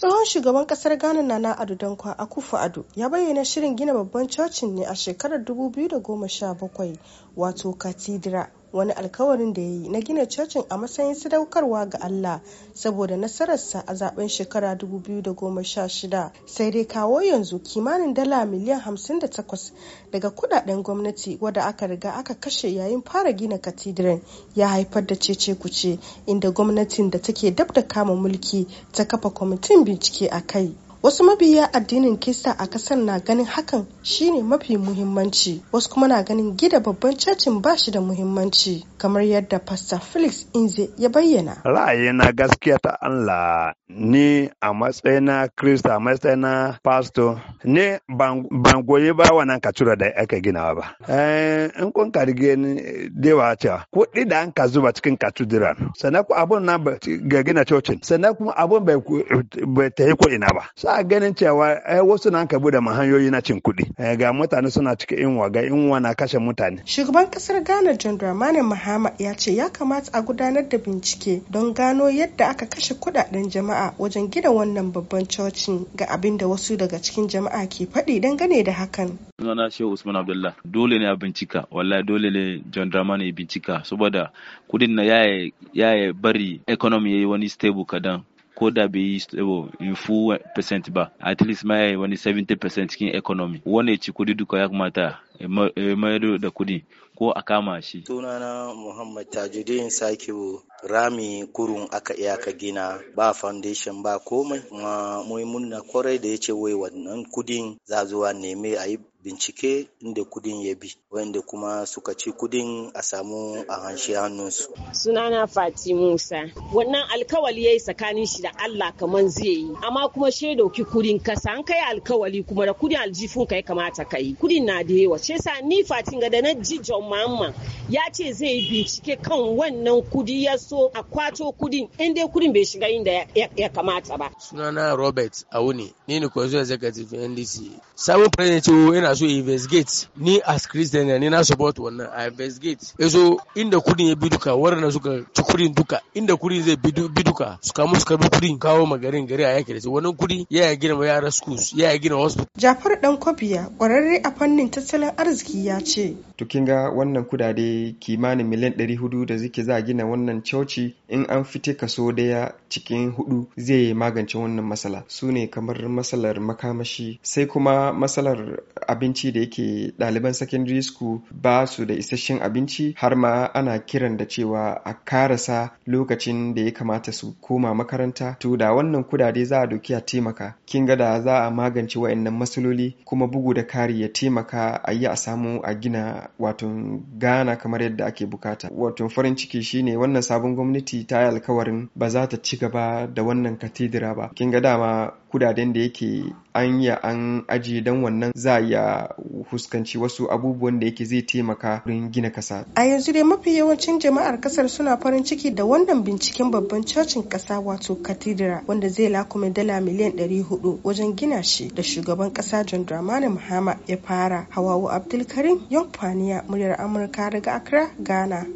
tsohon shugaban kasar ghana na nana ado dankwa akufo ado ya bayyana shirin gina babban cocin ne a shekarar 2017 wato katidra wani alkawarin da ya yi na gina cocin a matsayin sadaukarwa ga Allah saboda nasararsa a zaben shekara 2016 sai dai kawo yanzu kimanin dala miliyan 58 daga kudaden gwamnati wadda aka riga aka kashe yayin fara gina katidiran ya haifar da cece kuce inda gwamnatin da take dab da kama mulki ta kafa kwamitin bincike a kai. wasu mabiya addinin kista a kasar na ganin hakan shine mafi muhimmanci wasu kuma na ganin gida babban cacin ba shi da muhimmanci kamar yadda Pasta felix inze ya bayyana ra'ayina gaskiya ta allah ni a matsayina krista a matsayina pasto ni ban goyi ba wannan kacura da aka ginawa ba eh, in kun karge ni dewa cewa kuɗi da an ka zuba cikin katudiran sannan abun na ga gina cocin sannan kuma abun bai ta yi ko ina ba sa ganin cewa ai eh, wasu na ka da ma hanyoyi na cin kuɗi eh, ga mutane suna cikin inwa ga inwa na kashe mutane shugaban kasar Ghana John Dramani Mahama ya ce ya kamata a gudanar da bincike don gano yadda aka kashe kuɗaɗen jama'a wajen gina wannan babban cocin ga abin da wasu daga cikin jama'a ke faɗi dangane da hakan sunana Shehu Usman Abdullah dole ne a bincika wallahi dole ne John Dramani bincika saboda kudin na ya bari economy yayi wani stable kadan ko da bai yi eh, in fu percent ba at least ma yayi wani 70 percent cikin economy wani ci kudi duka ya kamata eh, mayar eh, da kudi ko a kama shi sunana muhammad tajudin sake rami kurun aka iya ka gina ba foundation ba komai kuma muhimmin na kwarai da ya ce wai wannan kudin za zuwa neme a yi bincike inda kudin ya bi wanda kuma suka ci kudin a samu a hanshi hannunsu. Sunana Fati Musa. Wannan alkawali ya yi tsakanin shi da Allah kamar zai yi. Amma kuma she dauki kudin kasa an kai alkawali kuma da kudin aljifun ka ya kamata ka yi. Kudin na da yawa. Shi sa ni Fati ga da na ji John mamma ya ce zai yi bincike kan wannan kudi ya so a kwato kudin in dai kudin bai shiga inda ya kamata ba. Sunana Robert auni Ni ne zaka tafi NDC. Sabon president ce oh, ina so investigate ni as christian ne na support wannan a investigate yazo inda kudin ya bi duka su suka ci kudin duka inda kudin zai bi duka su kamu su karbi kudin kawo magarin gari a yake da wannan kudi ya gina yara schools ya gina hospital Jafar dan kwabiya kwararre a fannin tattalin arziki ya ce to ga wannan kudade kimanin miliyan 400 da zike za a gina wannan coci in an fite kaso daya cikin hudu zai magance wannan matsala su ne kamar matsalar makamashi sai kuma matsalar abinci da yake ɗaliban secondary school ba su da isasshen abinci har ma ana kiran da cewa a karasa lokacin da ya kamata su koma makaranta to da wannan kudade za a doki a taimaka kin ga da za a magance wayannan matsaloli kuma bugu da kari ya taimaka a yi a samu a gina wato gana kamar yadda ake bukata wato farin ciki shine wannan sabon gwamnati ta yi alkawarin ba za ta ci gaba da wannan katidira ba kin ga dama kudaden da yake an ya an aji dan wannan za ya huskanci wasu abubuwan da yake zai taimaka wurin gina kasa a yanzu dai mafi yawancin jama'ar kasar suna farin ciki da wannan binciken babban cocin kasa wato katidira wanda zai lakume dala miliyan 400 wajen gina shi da shugaban kasa john dramani muhammad ya fara hawawu abdulkarim yan faniya muryar amurka daga accra ghana